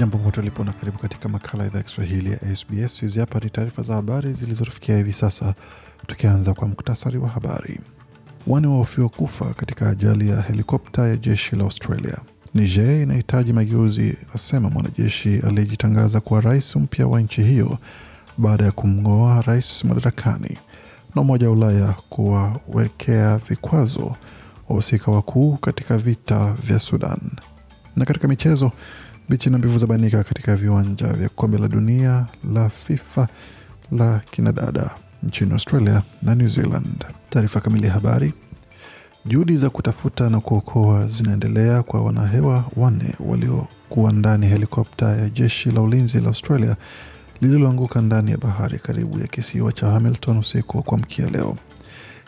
Jambo popote ulipo na karibu katika makala idhaa ya Kiswahili ya SBS. Hizi hapa ni taarifa za habari zilizofikia hivi sasa, tukianza kwa muktasari wa habari. Wane wahofiwa kufa katika ajali ya helikopta ya jeshi la Australia. Niger inahitaji mageuzi, asema mwanajeshi aliyejitangaza kuwa rais mpya wa nchi hiyo baada ya kumng'oa rais madarakani, na Umoja wa Ulaya kuwawekea vikwazo wahusika wakuu katika vita vya Sudan. Na katika michezo Bichi na mbivu za banika katika viwanja vya kombe la dunia la FIFA la kinadada nchini Australia na New Zealand. Taarifa kamili ya habari. Juhudi za kutafuta na kuokoa zinaendelea kwa wanahewa wanne waliokuwa ndani ya helikopta ya jeshi la ulinzi la Australia lililoanguka ndani ya bahari karibu ya kisiwa cha Hamilton usiku wa kuamkia leo.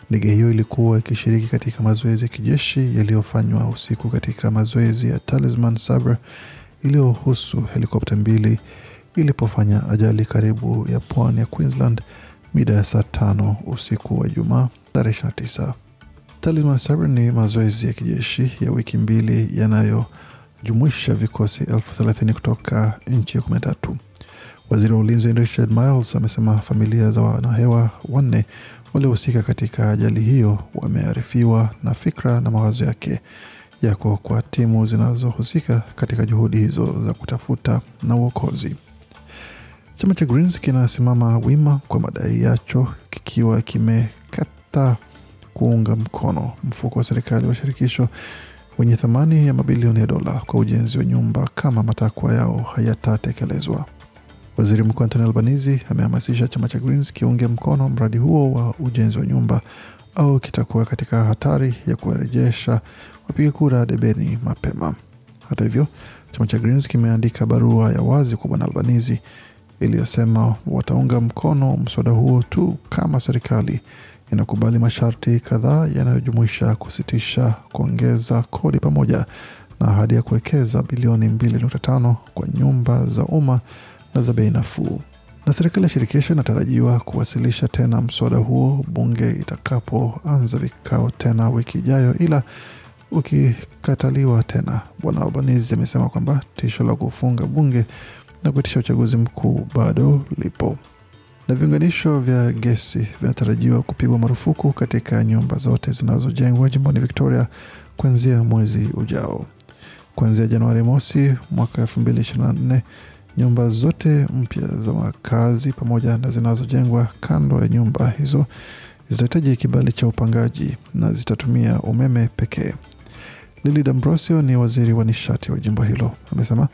Ndege hiyo ilikuwa ikishiriki katika mazoezi ya kijeshi yaliyofanywa usiku katika mazoezi ya Talisman Sabre iliyohusu helikopta mbili ilipofanya ajali karibu ya pwani ya Queensland mida ya saa tano usiku wa jumaa tarehe 29. Talisman Sabre ni mazoezi ya kijeshi ya wiki mbili yanayojumuisha vikosi elfu thelathini kutoka nchi kumi na tatu. Waziri wa ulinzi Richard Miles amesema familia za wanahewa wanne waliohusika katika ajali hiyo wamearifiwa na fikra na mawazo yake ya kwa timu zinazohusika katika juhudi hizo za kutafuta na uokozi. Chama cha Greens kinasimama wima kwa madai yacho kikiwa kimekata kuunga mkono mfuko wa serikali wa shirikisho wenye thamani ya mabilioni ya dola kwa ujenzi wa nyumba kama matakwa yao hayatatekelezwa. Waziri Mkuu Anthony Albanese amehamasisha chama cha Greens kiunge mkono mradi huo wa ujenzi wa nyumba au kitakuwa katika hatari ya kuwarejesha wapiga kura debeni mapema. Hata hivyo, chama cha Greens kimeandika barua ya wazi kwa bwana Albanizi iliyosema wataunga mkono mswada huo tu kama serikali inakubali masharti kadhaa yanayojumuisha kusitisha kuongeza kodi pamoja na ahadi ya kuwekeza bilioni 2.5 kwa nyumba za umma na za bei nafuu na serikali ya shirikisho inatarajiwa kuwasilisha tena mswada huo bunge itakapoanza vikao tena wiki ijayo, ila ukikataliwa tena, Bwana Albanizi amesema kwamba tisho la kufunga bunge na kuitisha uchaguzi mkuu bado lipo. Na viunganisho vya gesi vinatarajiwa kupigwa marufuku katika nyumba zote zinazojengwa jimboni Victoria kuanzia mwezi ujao. Kuanzia Januari mosi mwaka 2024 Nyumba zote mpya za makazi pamoja na zinazojengwa kando ya nyumba hizo zitahitaji kibali cha upangaji na zitatumia umeme pekee. Lili D'Ambrosio ni waziri wa nishati wa jimbo hilo, amesema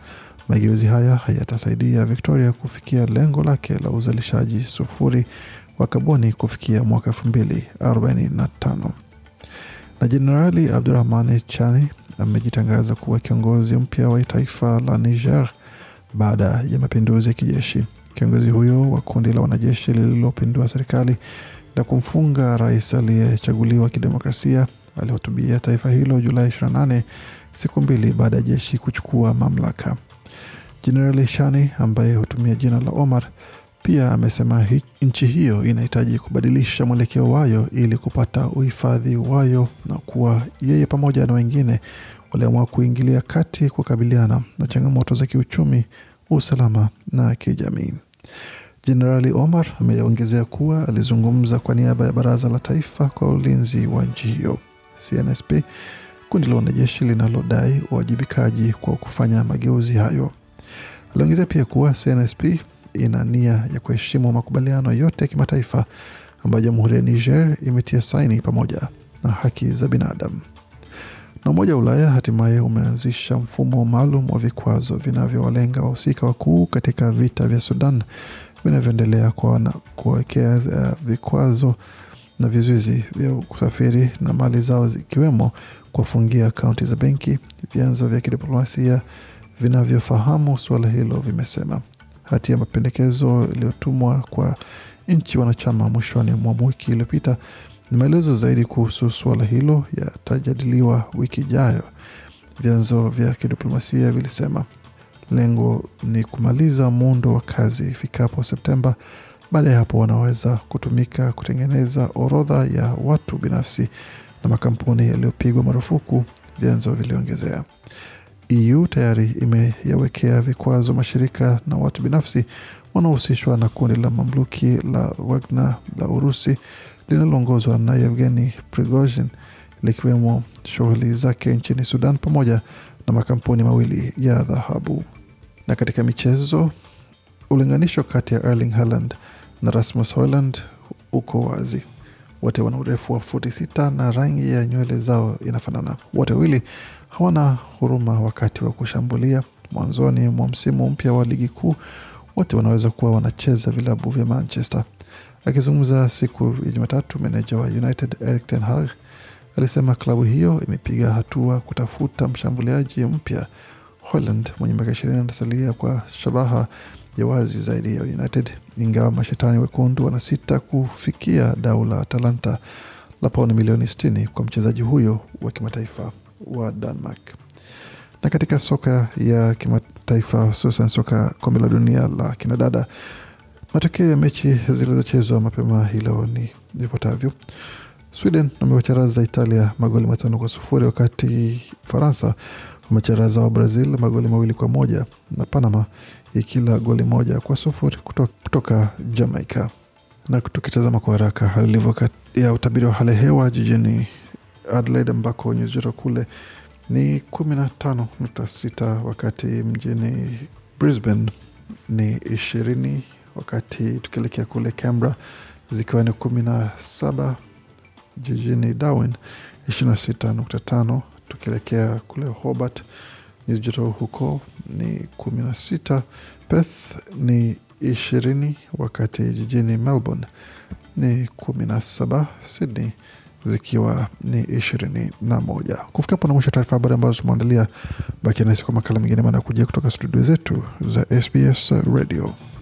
mageuzi haya hayatasaidia Victoria kufikia lengo lake la uzalishaji sufuri wa kaboni kufikia mwaka tano. Na Jenerali Abdurahmani Chani amejitangaza kuwa kiongozi mpya wa taifa la Niger baada ya mapinduzi ya kijeshi. Kiongozi huyo wa kundi la wanajeshi lililopindua serikali na kumfunga rais aliyechaguliwa kidemokrasia alihutubia taifa hilo Julai 28, siku mbili baada ya jeshi kuchukua mamlaka. Jenerali Shani ambaye hutumia jina la Omar pia amesema hi, nchi hiyo inahitaji kubadilisha mwelekeo wayo ili kupata uhifadhi wayo na kuwa yeye pamoja na wengine waliamua kuingilia kati kukabiliana na changamoto za kiuchumi, usalama na kijamii. Jenerali Omar ameongezea kuwa alizungumza kwa niaba ya Baraza la Taifa kwa Ulinzi wa nchi hiyo CNSP, kundi la wanajeshi linalodai uwajibikaji kwa kufanya mageuzi hayo. Aliongezea pia kuwa CNSP ina nia ya kuheshimu makubaliano yote ya kimataifa ambayo Jamhuri ya Niger imetia saini pamoja na haki za binadamu na Umoja wa Ulaya hatimaye umeanzisha mfumo maalum wa vikwazo vinavyowalenga wahusika wakuu katika vita vya Sudan vinavyoendelea kuwekea eh, vikwazo na vizuizi vya kusafiri na mali zao zikiwemo kuwafungia akaunti za benki. Vyanzo vya kidiplomasia vinavyofahamu suala hilo vimesema hati ya mapendekezo iliyotumwa kwa nchi wanachama mwishoni mwa wiki iliyopita ni maelezo zaidi kuhusu suala hilo yatajadiliwa wiki ijayo, vyanzo vya kidiplomasia vilisema. Lengo ni kumaliza muundo wa kazi ifikapo Septemba. Baada ya hapo, wanaweza kutumika kutengeneza orodha ya watu binafsi na makampuni yaliyopigwa marufuku, vyanzo viliongezea. EU tayari imeyawekea vikwazo mashirika na watu binafsi wanaohusishwa na kundi la mamluki la Wagner la Urusi linaloongozwa na Yevgeni Prigozhin likiwemo shughuli zake nchini Sudan pamoja na makampuni mawili ya dhahabu. Na katika michezo, ulinganisho kati ya Erling Haaland na Rasmus Hojlund uko wazi. Wote wana urefu wa futi sita na rangi ya nywele zao inafanana. Wote wawili hawana huruma wakati wa kushambulia. Mwanzoni mwa msimu mpya wa ligi kuu, wote wanaweza kuwa wanacheza vilabu vya Manchester. Akizungumza siku ya Jumatatu, meneja wa United Eric ten Hag alisema klabu hiyo imepiga hatua kutafuta mshambuliaji mpya. Holland mwenye miaka ishirini anasalia kwa shabaha ya wazi zaidi ya United, ingawa mashetani wekundu wanasita kufikia dau la Atalanta la pauni milioni 60 kwa mchezaji huyo wa kimataifa wa Denmark. Na katika soka ya kimataifa, hususan soka kombe la dunia la kinadada Matokeo ya mechi zilizochezwa mapema hii leo ni ifuatavyo: Sweden wamewacharaza Italia magoli matano kwa sufuri wakati Faransa wamecharaza wa Brazil magoli mawili kwa moja na Panama ikila goli moja kwa sufuri kutoka, kutoka Jamaica. Na tukitazama kwa haraka hali ilivyo ya utabiri wa hali ya hewa jijini Adelaide ambako nyuzi joto kule ni 15.6 wakati mjini Brisbane ni ishirini wakati tukielekea kule Canberra zikiwa ni kumi na saba jijini Darwin 26.5 tukielekea kule Hobart nyuzi joto huko ni 16, Perth ni 20, wakati jijini Melbourne ni 17, Sydney zikiwa ni 21. Kufika hapo na mwisho taarifa habari ambazo tumeandalia. Bakia nasi kwa makala mengine maana ya kujia kutoka studio zetu za SBS Radio.